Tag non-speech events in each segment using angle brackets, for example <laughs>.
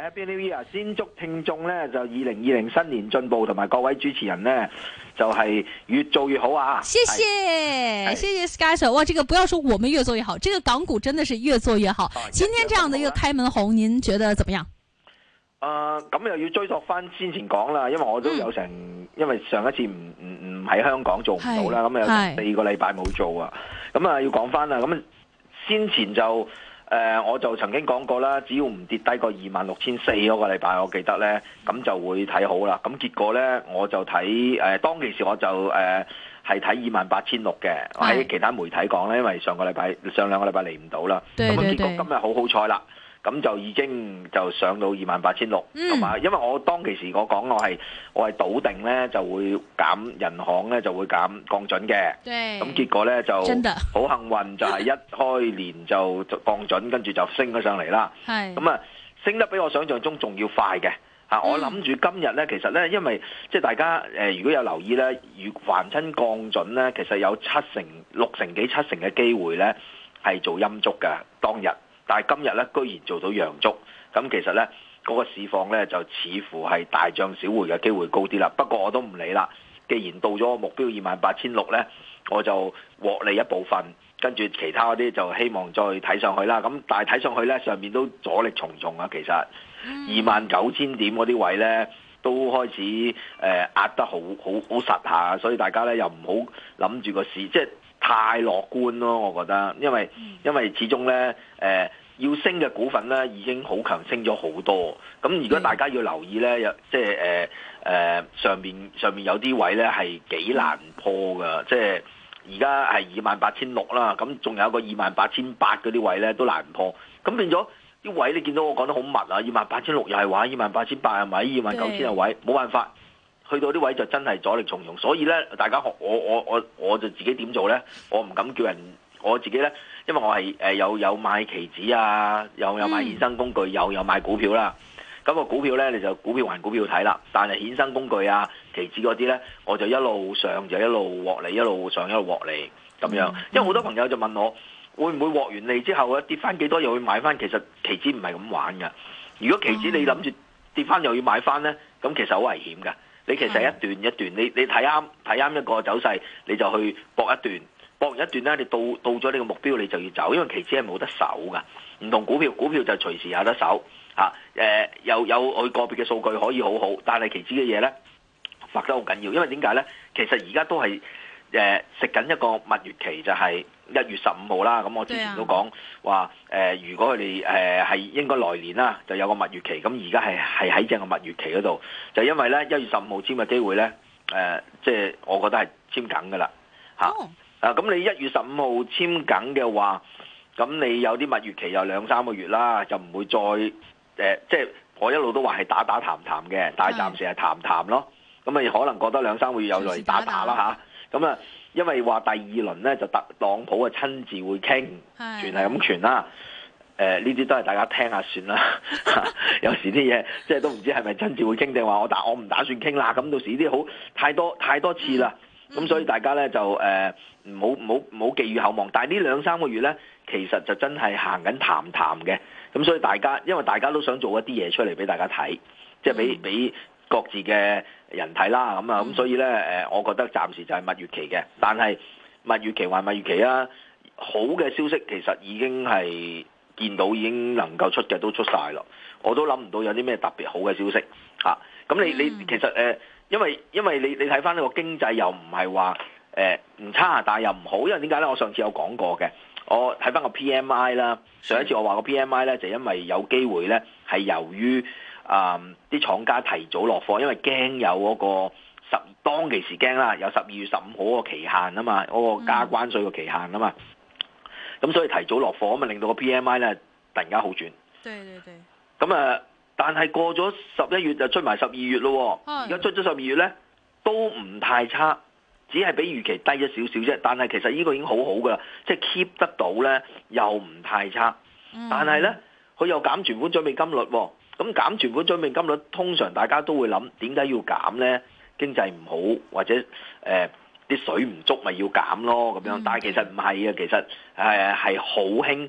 喺 BTV 啊！先祝聽眾咧就二零二零新年進步，同埋各位主持人咧就係、是、越做越好啊！謝謝是是謝謝 Scott，哇！這個不要說我們越做越好，這個港股真的是越做越好。啊、今天這樣的一個開門紅，您覺得怎麼樣？啊，咁又要追溯翻先前講啦，因為我都有成，嗯、因為上一次唔唔唔喺香港做唔到啦，咁啊是、嗯、有四個禮拜冇做啊，咁啊要講翻啦，咁先前就。誒、呃，我就曾經講過啦，只要唔跌低過二萬六千四嗰個禮拜，我記得呢咁就會睇好啦。咁結果呢，我就睇誒、呃、當其時我就誒係睇二萬八千六嘅，喺、呃、的其他媒體講呢，因為上個禮拜上兩個禮拜嚟唔到啦，咁啊對結果今日好好彩啦。對對對。咁就已經就上到二萬八千六，同埋因為我當其時我講我係我係倒定咧，就會減人行咧，就會減降準嘅。咁對結果咧就好幸運，就係一開年就降準，跟住就升咗上嚟啦。咁是啊，升得比我想象中仲要快嘅嚇。嗯、我諗住今日咧，其實咧，因為即係大家誒、呃，如果有留意咧，如凡親降準咧，其實有七成六成幾七成嘅機會咧係做陰燭嘅當日。但係今日咧，居然做到陽燭，咁其實咧，嗰、那個市況咧就似乎係大漲小回嘅機會高啲啦。不過我都唔理啦，既然到咗目標二萬八千六咧，我就獲利一部分，跟住其他嗰啲就希望再睇上去啦。咁但係睇上去咧，上面都阻力重重啊。其實二萬九千點嗰啲位咧，都開始誒、呃、壓得好好好實下，所以大家咧又唔好諗住個市即係。太樂觀咯，我覺得，因為因為始終咧，誒、呃、要升嘅股份咧已經好強升咗好多。咁如果大家要留意咧，有即係誒誒上面上面有啲位咧係幾難破㗎。嗯、即係而家係二萬八千六啦，咁仲有一個二萬八千八嗰啲位咧都難破。咁變咗啲位你見到我講得好密啊，二萬八千六又係話，二萬八千八係咪？二萬九千嘅位冇對 辦法。去到啲位就真係阻力重重，所以咧大家學我我我我就自己點做咧？我唔敢叫人我自己咧，因為我係誒、呃、有有買期指啊，又有，有買衍生工具，有有買股票啦。咁、那個股票咧你就股票還股票睇啦，但係衍生工具啊、期指嗰啲咧，我就一路上就一路獲利，一路上一路獲利咁樣。因為好多朋友就問我，會唔會獲完利之後跌翻幾多又會買翻？其實期指唔係咁玩㗎。如果期指你諗住跌翻又要買翻咧，咁其實好危險㗎。你其實一段一段，你你睇啱睇啱一個走勢，你就去搏一段，搏完一段咧，你到到咗你個目標，你就要走，因為期指係冇得守㗎。唔同股票，股票就隨時有得守吓。誒、啊呃、有有佢個別嘅數據可以好好，但係期指嘅嘢咧，發得好緊要，因為點解咧？其實而家都係誒、呃、食緊一個蜜月期、就是，就係。一月十五號啦，咁我之前都講話誒，如果佢哋誒係應該來年啦，就有個蜜月期，咁而家係係喺正個蜜月期嗰度，就因為咧一月十五號簽嘅機會咧誒，即、呃、係、就是、我覺得係簽緊嘅啦嚇。啊，咁、oh. 啊、你一月十五號簽緊嘅話，咁你有啲蜜月期有兩三個月啦，就唔會再誒，即、呃、係、就是、我一路都話係打打談談嘅，但係暫時係談談咯。咁是你可能覺得兩三個月有嚟打打啦嚇。咁啊。啊因為話第二輪咧就特朗普嘅親自會傾，的全係咁全啦。誒呢啲都係大家聽下算啦。 <laughs> 有時啲嘢即係都唔知係咪親自會傾定話我打我唔打算傾啦。咁到時啲好太多太多次啦。咁、嗯嗯、所以大家咧就誒唔好唔好唔好寄予厚望。但係呢兩三個月咧，其實就真係行緊談談嘅。咁所以大家因為大家都想做一啲嘢出嚟俾大家睇，即係俾俾各自嘅。人睇啦，咁、嗯、啊，咁、嗯、所以咧，誒，我覺得暫時就係蜜月期嘅。但係蜜月期還蜜月期啊，好嘅消息其實已經係見到，已經能夠出嘅都出晒咯。我都諗唔到有啲咩特別好嘅消息嚇。咁、啊、你、嗯、你其實誒、呃，因為因為你你睇翻呢個經濟又唔係話誒唔差，但係又唔好，因為點解咧？我上次有講過嘅，我睇翻個 PMI 啦，上一次我話個 PMI 咧就因為有機會咧係由於。啊！啲、嗯、廠家提早落貨，因為驚有嗰個十當其時驚啦，有十二月十五號嗰個期限啊嘛，嗰、那個加關稅嘅期限啊嘛。咁所以提早落貨，咁咪令到個 PMI 咧突然間好轉。對對對。咁啊、嗯，但係過咗十一月就出埋十二月咯。而家出咗十二月咧，都唔太差，只係比預期低咗少少啫。但係其實呢個已經好好噶啦，即、就、係、是、keep 得到咧又唔太差，但係咧佢又減存款準備金率。咁減存款準備金率，通常大家都會諗點解要減咧？經濟唔好或者誒啲水唔足，咪要減咯咁樣。但係其實唔係啊，其實係係好興誒，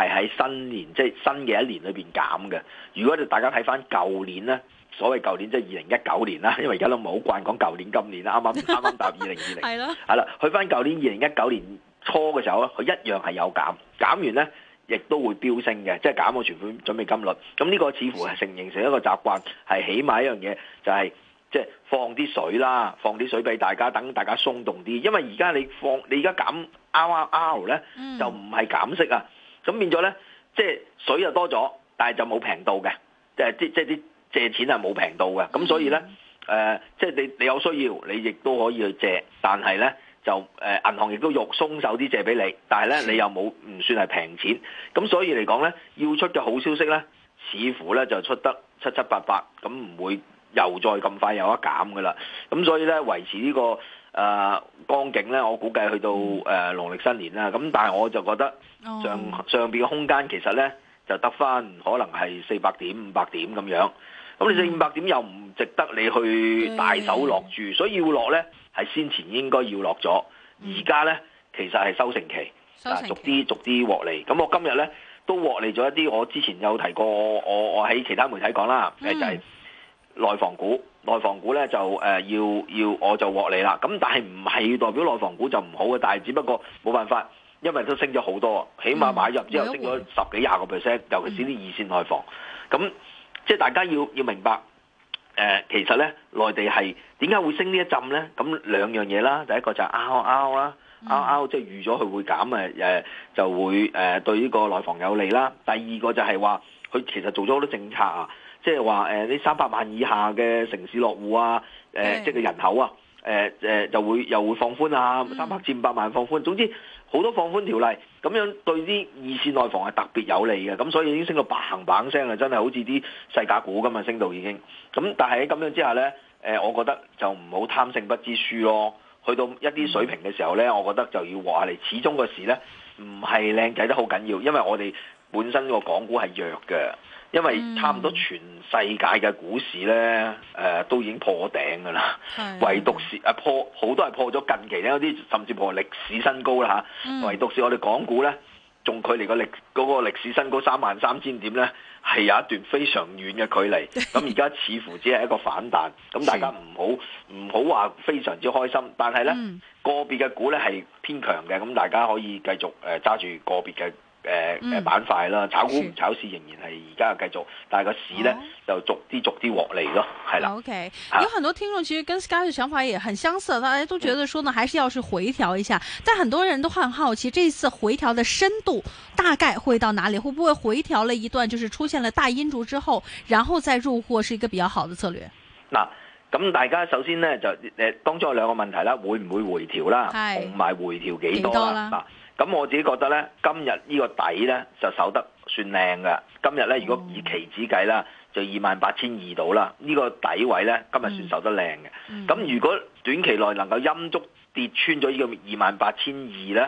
係喺新年即係新嘅一年裏邊減嘅。如果你大家睇翻舊年咧，所謂舊年即係二零一九年啦，因為而家都冇慣講舊年、今年啦，啱啱啱啱答二零二零係咯，係啦，去翻舊年二零一九年初嘅時候咧，佢一樣係有減，減完咧。亦都會飆升嘅，即係減我存款準備金率。咁呢個似乎係成形成一個習慣，係起碼一樣嘢就係即係放啲水啦，放啲水俾大家等大家鬆動啲。因為而家你放你而家減 R R R 咧，就唔係減息啊。咁變咗咧，即係水又多咗，但係就冇平到嘅，即係即即係啲借錢係冇平到嘅。咁所以咧，誒、呃，即係你你有需要，你亦都可以去借，但係咧。就誒、呃、銀行亦都肉鬆手啲借俾你，但係咧，你又冇唔算係平錢，咁所以嚟講咧，要出嘅好消息咧，似乎咧就出得七七八八，咁唔會又再咁快有得減噶啦。咁所以咧，維持呢、呢個誒、呃、光景咧，我估計去到誒、嗯呃、農曆新年啦。咁但係我就覺得上上邊嘅空間其實咧就得返可能係四百點五百點咁樣，咁你四五百點又唔值得你去大手落注，嗯、所以要落咧。係先前應該要落咗，而家呢其實係收成期，收成期逐啲逐啲獲利。咁我今日呢都獲利咗一啲，我之前有提過，我我我喺其他媒體講啦，嗯、就係內房股，內房股呢，就誒要要我就獲利啦。咁但係唔係代表內房股就唔好嘅，但係只不過冇辦法，因為都升咗好多，起碼買入之後升咗十幾廿個 percent，尤其是啲二線內房。咁即係大家要要明白。誒，其實咧，內地係點解會升一呢一浸咧？咁兩樣嘢啦，第一個就係 LPR 啦 LPR 即係預咗佢會減誒誒，就會誒對呢個內房有利啦。第二個就係話，佢其實做咗好多政策啊，即係話誒，呢三百萬以下嘅城市落戶啊，誒、mm，即、hmm. 係、呃就是、人口啊，誒、呃、誒，就會又會放寬啊，三百至五百萬放寬，總之。好多放寬條例，咁樣對啲二線內房係特別有利嘅，咁所以已經升到 bang bang 聲啊！真係好似啲世界股咁啊，升到已經。咁但係喺咁樣之下呢，誒，我覺得就唔好貪勝不知輸咯。去到一啲水平嘅時候呢，我覺得就要和下嚟。始終個市呢唔係靚仔得好緊要，因為我哋本身個港股係弱嘅。因為差唔多全世界嘅股市咧，誒、呃、都已經破頂㗎啦，是的 唯獨啊是啊破好多係破咗近期咧，有啲甚至破歷史新高啦嚇。啊嗯、唯獨是我哋港股咧，仲距離個歷、那個歷嗰個歷史新高三萬三千點咧，係有一段非常遠嘅距離。咁而家似乎只係一個反彈，咁 <laughs> 大家唔好唔好話非常之開心。但係咧，嗯、個別嘅股咧係偏強嘅，咁大家可以繼續誒揸住個別嘅。誒誒、嗯、板塊啦，炒股唔炒市仍然係而家繼續，但係個市呢、哦、就逐啲逐啲獲利咯，係啦。OK、啊、有很多聽眾其實跟 Sky 嘅想法也很相似，大家都覺得說呢，還是要是回調一下。嗯、但很多人都很好奇，這次回調的深度大概會到哪裏？會不會回調了一段，就是出現了大陰燭之後，然後再入貨是一個比較好的策略？嗱、啊，咁大家首先呢，就誒，當中有兩個問題啦，會唔會回調啦？同埋、哎、回調幾多啦了？啊。咁我自己覺得呢，今日呢個底呢就守得算靚嘅。今日呢，如果以期指計啦，就二萬八千二度啦。呢個底位呢，今日算守得靚嘅。咁、嗯、如果短期內能夠陰足跌穿咗呢個二萬八千二呢，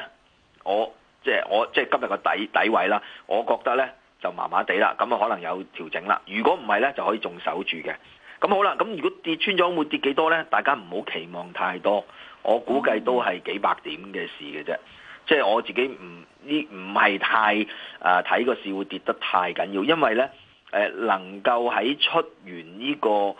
我即係、就是、我即係、就是、今日個底底位啦，我覺得呢就麻麻地啦。咁啊，可能有調整啦。如果唔係呢，就可以仲守住嘅。咁好啦，咁如果跌穿咗，會跌幾多呢？大家唔好期望太多。我估計都係幾百點嘅事嘅啫。嗯即係我自己唔依唔係太啊睇個市會跌得太緊要，因為咧誒、呃、能夠喺出完呢、這個誒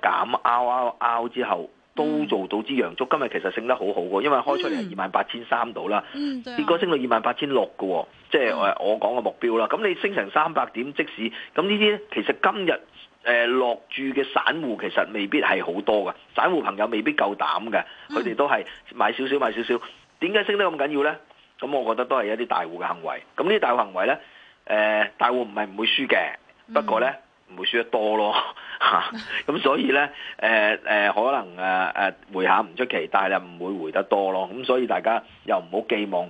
減 out 之後，都做到支陽燭。今日其實升得好好嘅，因為開出嚟係二萬八千三度啦，結果、嗯、升到二萬八千六嘅。嗯、即係誒我講嘅目標啦。咁、嗯、你升成三百點，即使咁呢啲咧，其實今日誒、呃、落注嘅散戶其實未必係好多嘅，散戶朋友未必夠膽嘅，佢哋都係買少少買少少。點解升得咁緊要呢？咁我覺得都係一啲大戶嘅行為。咁呢啲大戶行為呢，誒、呃，大戶唔係唔會輸嘅，不過呢，唔會輸得多咯嚇。咁 <laughs> 所以呢，誒、呃、誒、呃，可能誒誒、呃、回下唔出奇，但係又唔會回得多咯。咁所以大家又唔好寄望誒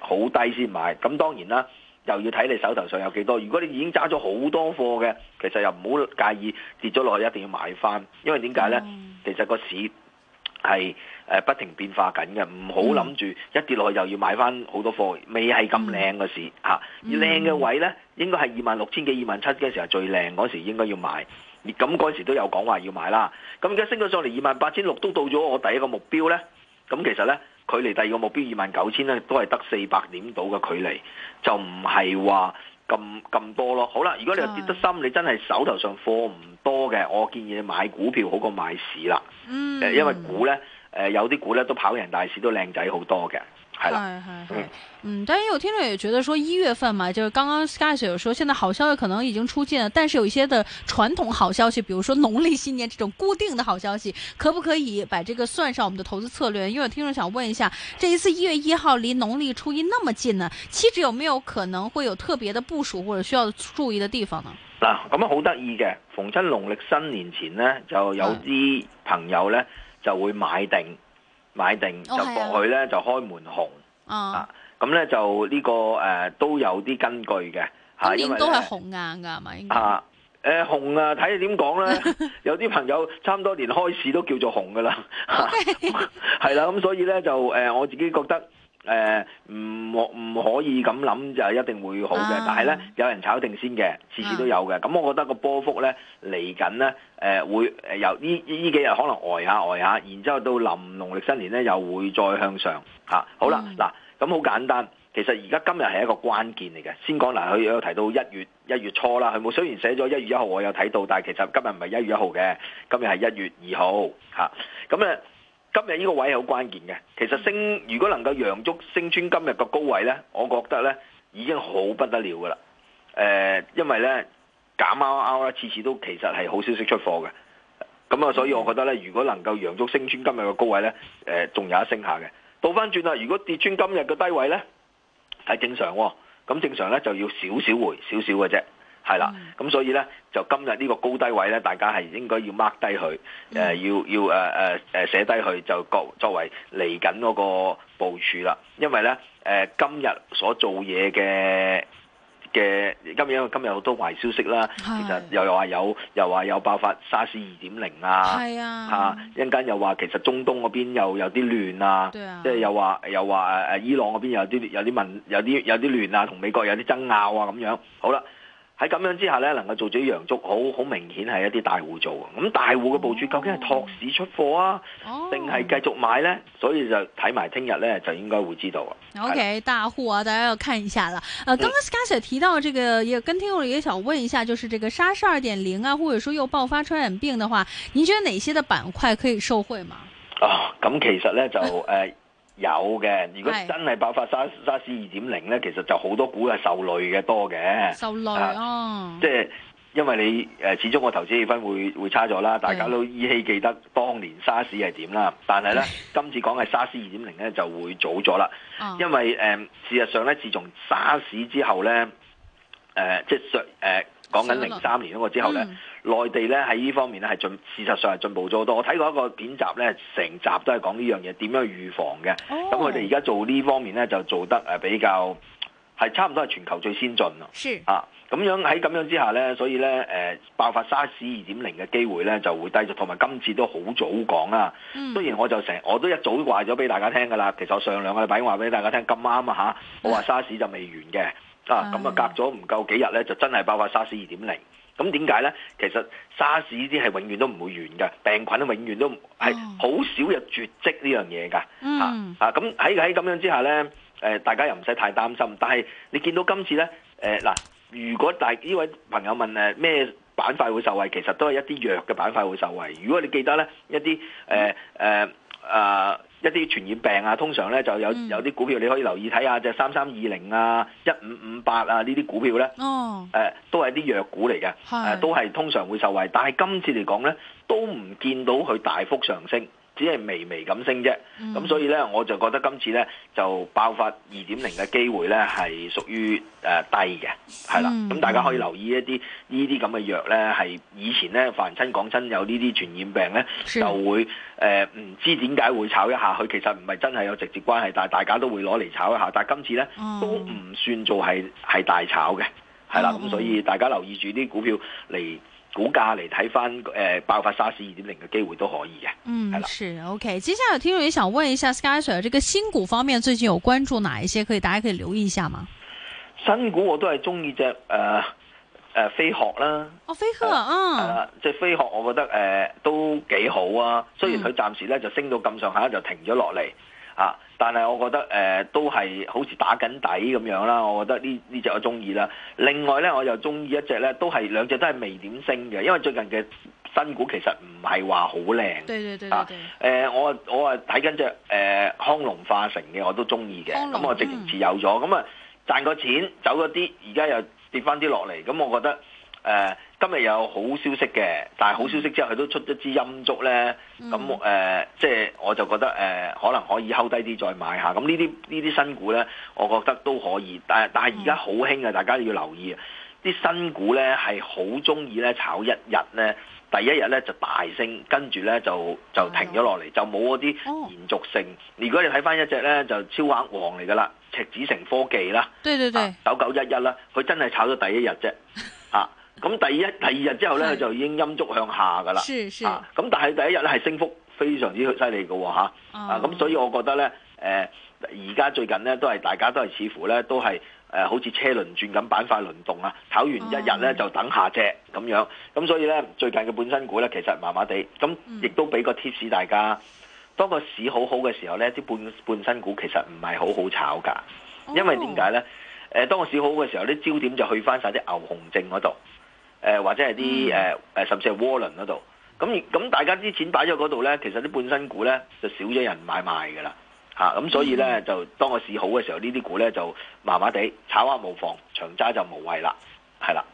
好、呃、低先買。咁當然啦，又要睇你手頭上有幾多。如果你已經揸咗好多貨嘅，其實又唔好介意跌咗落去，一定要買翻。因為點解呢？嗯、其實個市。係誒、呃，不停變化緊嘅，唔好諗住一跌落去又要買翻好多貨，未係咁靚嘅市吓，靚嘅、嗯、位呢應該係二萬六千幾、二萬七嗰時候最靚，嗰時應該要買，咁嗰時都有講話要買啦。咁而家升咗上嚟二萬八千六，都到咗我第一個目標呢。咁其實呢，距離第二個目標二萬九千呢都係得四百點度嘅距離，就唔係話。咁咁多咯，好啦，如果你又跌得深，的你真係手頭上貨唔多嘅，我建議你買股票好過買市啦，誒、嗯，因為股呢，誒、呃，有啲股呢都跑贏大市，都靚仔好多嘅。哎哎，嗯的嗯，但是有聽眾也覺得說，一月份嘛，就是剛剛 SkySir 有說，現在好消息可能已經出盡了，但是有一些的傳統好消息，比如說農曆新年這種固定的好消息，可不可以把這個算上我們的投資策略？因為有聽眾想問一下，這一次一月一號離農曆初一那麼近呢，期指有沒有可能會有特別的部署或者需要注意的地方呢？嗱，咁樣好得意嘅，逢親農曆新年前呢，就有啲朋友呢的就會買定。買定、哦、就搏佢咧就開門紅，哦、啊咁咧就呢、這個誒、呃、都有啲根據嘅吓，因為年都係紅硬噶係咪？啊誒、啊呃、紅啊睇你點講咧，呢 <laughs> 有啲朋友差唔多年開始都叫做紅噶啦，係啦咁所以咧就誒、呃、我自己覺得。誒，唔唔、呃、可以咁諗就一定會好嘅，但係呢，有人炒定先嘅，次次都有嘅。咁、啊、我覺得個波幅呢嚟緊呢，誒、呃、會由呢呢幾日可能呆下呆下，然之後到臨農曆新年呢，又會再向上吓、啊。好啦，嗱咁好簡單，其實而家今日係一個關鍵嚟嘅。先講嗱，佢、呃、有提到一月一月初啦，佢冇雖然寫咗一月一號，我有睇到，但係其實今日唔係一月一號嘅，今日係一月二號吓。咁、啊、咧。啊啊啊啊啊啊今日呢個位係好關鍵嘅，其實升如果能夠陽燭升穿今日個高位呢，我覺得呢已經好不得了㗎喇、呃。因為呢，減貓貓咧次次都其實係好消息出貨嘅，咁、嗯、啊，所以我覺得呢，如果能夠陽燭升穿今日個高位呢，仲、呃、有一升下嘅。倒翻轉啊，如果跌穿今日個低位呢，係正常，咁正常呢，就要少少回少少嘅啫。小小係啦，咁所以咧就今日呢個高低位咧，大家係應該要 mark 低佢，誒、嗯呃、要要誒誒誒寫低佢，就作作為嚟緊嗰個部署啦。因為咧誒、呃、今日所做嘢嘅嘅今日因為今日好多壞消息啦，的其實又話有又話有爆發 SARS 二點零啊，係啊嚇，一陣間又話其實中東嗰邊又有啲亂啊，的即係又話又話誒誒伊朗嗰邊有啲有啲民有啲有啲亂啊，同美國有啲爭拗啊咁樣，好啦。好喺咁樣之下呢，能夠做咗陽燭，好好明顯係一啲大戶做嘅。咁大戶嘅部署究竟係托市出貨啊，定係繼續買呢？所以就睇埋聽日呢，就應該會知道。OK，的大戶啊，大家要看一下啦。呃，剛剛 Scouser 提到這個，也跟聽眾也想問一下，就是這個沙士二點零啊，或者說又爆發傳染病的話，您覺得哪些的板塊可以受惠嗎？啊、哦，咁、嗯、其實呢，就誒。 <laughs> 有嘅，如果真係爆發沙是沙士二點零呢，其實就好多股係受累嘅多嘅，受累哦、啊啊，即係因為你誒、呃，始終個投資氣氛會會差咗啦，大家都依稀記得當年沙士係點啦，但係呢，今次講嘅 <laughs> 沙士二點零呢就會早咗啦，因為誒、呃、事實上呢，自從 <laughs> 沙士之後呢，呃、即係誒、呃、講緊零三年嗰個之後呢。內地咧喺呢方面咧係進事實上係進步咗好多。我睇過一個片集咧，成集都係講呢樣嘢點樣預防嘅。咁佢哋而家做呢方面咧就做得誒比較係差唔多係全球最先進啦。是啊，咁樣喺咁樣之下咧，所以咧誒、呃、爆發沙士二點零嘅機會咧就會低咗。同埋今次都好早講啦。雖、mm. 然我就成我都一早話咗俾大家聽噶啦。其實我上兩個禮拜已經話俾大家聽，咁啱啊吓，我話沙士就未完嘅啊，咁啊隔咗唔夠幾日咧，就真係爆發沙士二點零。咁點解呢？其實沙士呢啲係永遠都唔會完嘅，病菌永遠都係好少有絕跡呢樣嘢㗎嚇。嗯、啊，咁喺喺咁樣之下呢，誒、呃、大家又唔使太擔心。但係你見到今次呢，誒、呃、嗱，如果大呢位朋友問誒咩、啊、板塊會受惠，其實都係一啲藥嘅板塊會受惠。如果你記得呢一啲誒誒。呃呃誒、呃、一啲傳染病啊，通常咧就有，嗯、有啲股票你可以留意睇下，即係三三二零啊、一五五八啊呢啲股票咧，誒、哦呃、都係啲藥股嚟嘅，誒是的 都係通常會受惠，但係今次嚟講咧，都唔見到佢大幅上升。只係微微咁升啫，咁、嗯、所以呢，我就覺得今次呢就爆發二點零嘅機會呢係屬於誒低嘅，係啦。咁、嗯、大家可以留意一啲呢啲咁嘅藥呢。係以前呢，凡親講親有呢啲傳染病呢，的就會誒呃、唔知點解會炒一下，佢其實唔係真係有直接關係，但係大家都會攞嚟炒一下。但係今次呢，嗯、都唔算做係係大炒嘅，係啦。咁所以大家留意住啲股票嚟。嗯嗯嗯股價嚟睇翻，誒、呃、爆發沙士二點零嘅機會都可以嘅。嗯，係啦，是 OK。接下來有聽眾也想問一下 SkySir，這個新股方面最近有關注哪一些？可以大家可以留意一下嘛。新股我都係中意隻誒誒飛鶴啦。哦，飛鶴，即隻、呃嗯啊、飛鶴我覺得誒、呃、都幾好啊，雖然佢暫時咧就升到咁上下就停咗落嚟。嗯。啊！但係我覺得誒、呃、都係好似打緊底咁樣啦，我覺得呢呢隻我中意啦。另外咧，我又中意一隻咧，都係兩隻都係未點升嘅，因為最近嘅新股其實唔係話好靚。對對對對對、啊呃。我我啊睇緊隻誒康龍化成嘅，我都中意嘅。咁隆我直、嗯、錢持有咗，咁啊賺個錢走咗啲，而家又跌翻啲落嚟，咁我覺得。誒今日有好消息嘅，但係好消息之後佢都出一支陰燭呢。咁誒、嗯呃、即係我就覺得誒、呃、可能可以睺低啲再買下，咁呢啲呢啲新股呢，我覺得都可以。但係但係而家好興嘅，大家要留意，啲新股呢係好中意呢炒一日呢，第一日呢就大升，跟住呢就就停咗落嚟，就冇嗰啲延續性。哦、如果你睇翻一隻呢，就超額王嚟㗎喇，赤子城科技啦，對對對，九九一一啦，佢真係炒咗第一日啫，啊！咁第一、第二日之後咧，是就已經陰燭向下㗎喇。啊，咁但係第一日咧係升幅非常之犀利㗎吓。啊，咁所以我覺得咧，誒而家最近咧都係大家都係似乎咧都係誒、呃、好似車輪轉咁，板塊輪動啊。炒完一日咧就等下隻咁樣。咁、啊、所以咧最近嘅半新股咧其實麻麻地，咁亦都俾個 tips 大家。嗯、當個市好好嘅時候咧，啲半半新股其實唔係好好炒㗎，因為點解咧？誒、哦，當個市好嘅時候，啲焦點就去翻晒啲牛熊證嗰度。誒或者係啲誒誒甚至係窩輪嗰度，咁、嗯、咁、嗯、大家啲錢擺咗嗰度咧，其實啲半新股咧就少咗人買賣嘅啦，嚇、啊、咁、嗯、所以咧就當我市好嘅時候，呢啲股咧就麻麻地炒下無妨，長揸就無謂啦，係啦。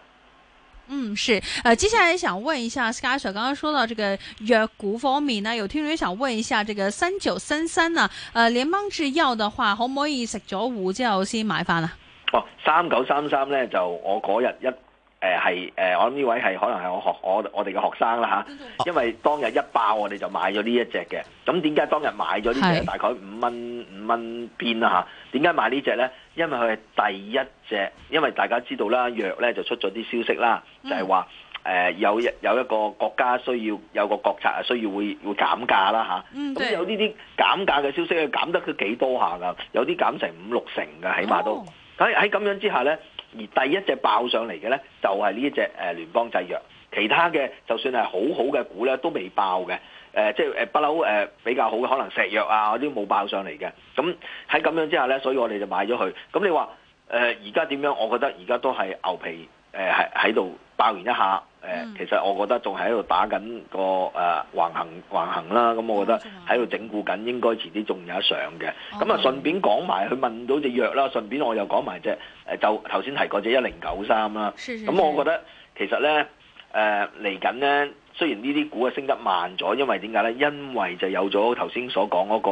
嗯，是。呃、接下嚟想問一下，士佳 Sir，剛剛講到這個藥股方面，呢，有聽眾想問一下，這個三九三三啊，誒、呃，聯邦製藥嘅話，可唔可以食咗糊之後先買翻啊？哦，三九三三咧就我嗰日一。誒係誒，我諗呢位係可能係我學我我哋嘅學生啦嚇、啊，因為當日一爆我哋就買咗呢一隻嘅。咁點解當日買咗呢隻？的大概五蚊五蚊邊啦嚇。點、啊、解買隻呢隻咧？因為佢係第一隻，因為大家知道啦，藥咧就出咗啲消息啦，就係話誒有有一個國家需要有個國策需要會會減價啦嚇。咁、啊嗯、有呢啲減價嘅消息，佢減得佢幾多下㗎？有啲減成五六成嘅，起碼都喺喺咁樣之下咧。而第一隻爆上嚟嘅呢，就係、是、呢一隻誒、呃、聯邦製藥，其他嘅就算係好好嘅股呢，都未爆嘅。誒即係不嬲比較好嘅，可能石藥啊嗰啲冇爆上嚟嘅。咁喺咁樣之下呢，所以我哋就買咗佢。咁你話誒而家點樣？我覺得而家都係牛皮誒係喺度。呃爆完一下，誒、呃，嗯、其實我覺得仲喺度打緊個誒、呃、橫行橫行啦，咁、嗯、我覺得喺度整固緊，應該遲啲仲有得上嘅。咁啊、哦，就順便講埋佢問到隻藥啦，順便我又講埋隻誒，就頭先提過隻一零九三啦。咁我覺得其實咧，誒嚟緊咧，雖然呢啲股嘅升得慢咗，因為點解咧？因為就有咗頭先所講嗰、那個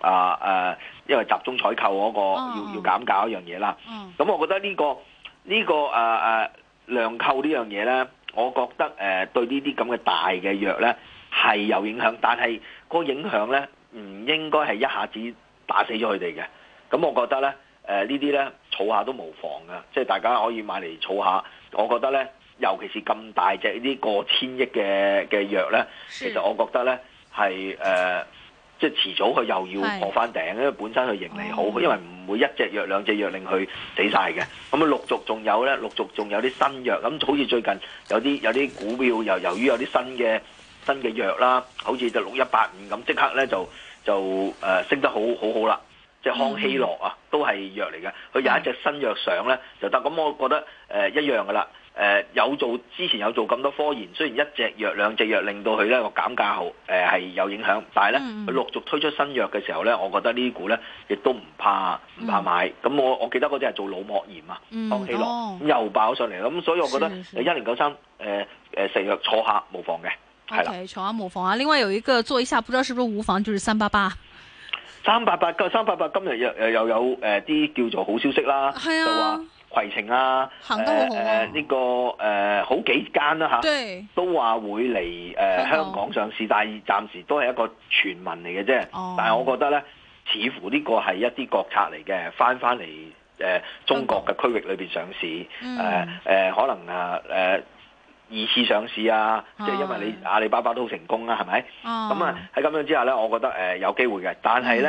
啊誒、呃呃，因為集中採購嗰、那個要要，要減價一樣嘢啦。咁我覺得呢個呢個誒誒。量購呢樣嘢呢，我覺得誒、呃、對呢啲咁嘅大嘅藥呢係有影響，但係個影響呢唔應該係一下子打死咗佢哋嘅。咁我覺得呢誒呢啲呢，儲、呃、下都無妨嘅，即係大家可以買嚟儲下。我覺得呢，尤其是咁大隻呢啲過千億嘅嘅藥呢，其實我覺得呢係誒。即係遲早佢又要破翻頂，是因為本身佢盈利好，白因為唔會一隻藥兩隻藥令佢死晒嘅。咁啊，陸續仲有咧，陸續仲有啲新藥。咁好似最近有啲有啲股票由由於有啲新嘅新嘅藥啦，好似就六一八五咁，即刻咧就就誒、呃、升得好好好啦。即係康希諾啊，都係藥嚟嘅，佢有一隻新藥上咧就得。咁我覺得誒、呃、一樣噶啦。誒、呃，有做之前有做咁多科研，雖然一隻藥、兩隻藥令到佢咧個減價後誒係有影響，但係咧佢陸續推出新藥嘅時候咧，我覺得股呢股咧亦都唔怕唔怕買。咁、嗯、我我記得嗰隻係做腦膜炎啊，康喜樂又爆咗上嚟，咁所以我覺得一零九三誒誒食藥坐下無妨嘅。的 o、okay, K 坐下無妨啊。另外有一個做一下，不知道是不是無妨，就是三八八。三八八今三八八今日又又有誒啲、呃呃、叫做好消息啦，就話。 <music> <music> 攜程啊，誒誒呢個誒、呃、好幾間啦嚇，對都話會嚟誒、呃、的香港上市，但係暫時都係一個傳聞嚟嘅啫。哦、但係我覺得咧，似乎呢個係一啲國策嚟嘅，翻翻嚟誒中國嘅區域裏邊上市，誒誒、嗯呃、可能啊誒、呃、二次上市啊，即、就、係、是、因為你阿里巴巴都好成功啦、啊，係咪？咁啊喺咁樣之下咧，我覺得誒、呃、有機會嘅，但係咧誒。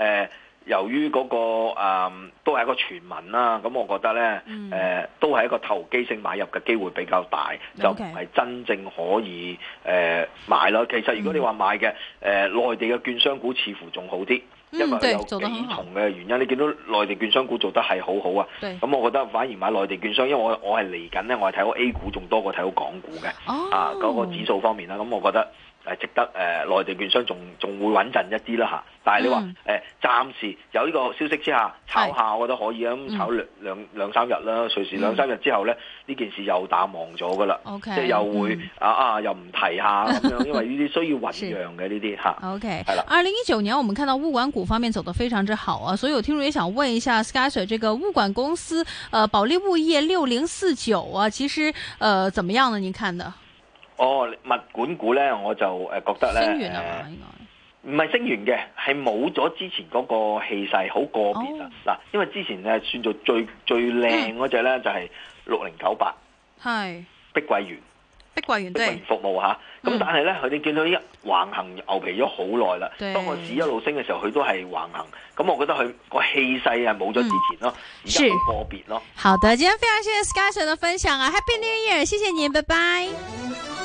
呃呃呃呃嗯由於嗰、那個、嗯、都係一個傳聞啦，咁、嗯、我覺得咧誒、呃、都係一個投機性買入嘅機會比較大，Okay. 就唔係真正可以誒、呃、買咯。其實如果你話買嘅誒、嗯呃、內地嘅券商股似乎仲好啲，嗯、因為有幾重嘅原因。你見到內地券商股做得係好好啊，咁對我覺得反而買內地券商，因為我我係嚟緊咧，我係睇好 A 股仲多過睇好港股嘅、oh. 啊嗰、那個指數方面啦，咁我覺得。誒，值得誒、呃，內地券商仲仲會穩陣一啲啦嚇，但係你話誒、嗯呃，暫時有呢個消息之下炒下，我覺得可以啊，咁炒兩兩、嗯、兩三日啦，隨時兩三日之後呢，呢、嗯、件事又淡忘咗噶啦，okay, 即係又會、嗯、啊啊又唔提下咁樣，因為呢啲需要醞釀嘅呢啲嚇。OK，係啦了。二零一九年，我們看到物管股方面走得非常之好啊，所以有聽眾也想問一下 SkySir，這個物管公司，誒、呃、保利物業六零四九啊，其實誒、呃、怎麼樣呢？您看的？哦，物管股咧，我就誒覺得咧，唔係升完嘅，係冇咗之前嗰個氣勢，好個別啊！嗱，因為之前誒算做最最靚嗰隻咧，就係六零九八，係碧桂園，碧桂園對，服務吓，咁但係咧佢哋見到一橫行牛皮咗好耐啦，當個市一路升嘅時候，佢都係橫行，咁我覺得佢個氣勢係冇咗之前咯，而家好個別咯。好的，今天非常謝謝 SkySir 嘅分享啊！Happy New Year，謝謝你，拜拜。